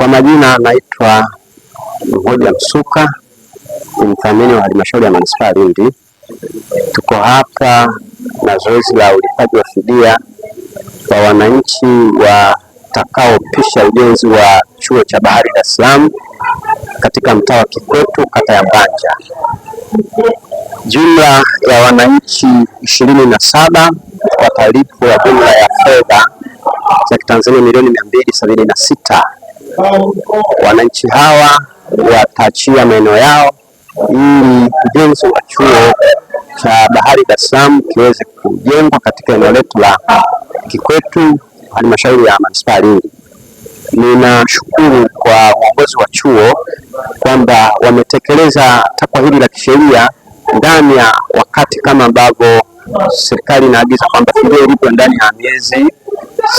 Kwa majina anaitwa Mhoja Msuka, ni mdhamini wa halmashauri ya manispaa ya Lindi. Tuko hapa na zoezi la ulipaji wa fidia kwa wananchi watakaopisha ujenzi wa chuo cha bahari Dar es Salaam katika mtaa wa Kikwetu, kata ya Mbanja. Jumla ya wananchi ishirini na saba watalipwa jumla ya fedha za Kitanzania milioni mia mbili sabini na sita Wananchi hawa wataachia maeneo yao ili ujenzi wa chuo cha bahari Dar es Salaam kiweze kujengwa katika eneo letu la Kikwetu, halmashauri ya manispaa ya Lindi. Ninashukuru kwa uongozi wa chuo kwamba wametekeleza takwa hili la kisheria ndani ya wakati kama ambavyo serikali inaagiza kwamba fidia ilipo ndani ya miezi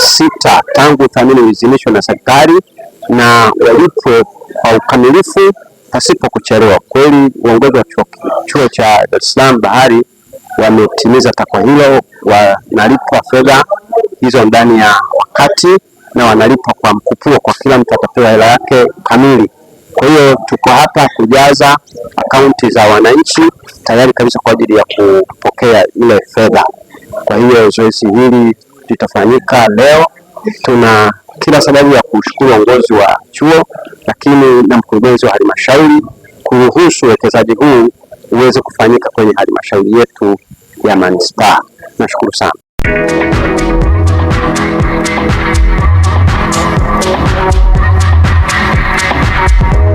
sita tangu thamini uidhinishwe na serikali na walipwe kwa ukamilifu pasipo kuchelewa. Kweli uongozi wa chuo cha Dar es Salaam Bahari wametimiza takwa hilo, wanalipwa fedha hizo ndani ya wakati na wanalipwa kwa mkupuo, kwa kila mtu atapewa hela yake kamili. Kwa hiyo tuko hapa kujaza akaunti za wananchi tayari kabisa kwa ajili ya kupokea ile fedha. Kwa hiyo zoezi hili litafanyika leo, tuna kila sababu ya kushukuru uongozi wa chuo lakini na mkurugenzi wa halmashauri kuruhusu uwekezaji huu uweze kufanyika kwenye halmashauri yetu ya manispaa. Nashukuru sana.